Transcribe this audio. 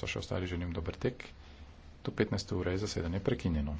So še ostali, želim dober tek. Tu 15. ure je zasedanje prekinjeno.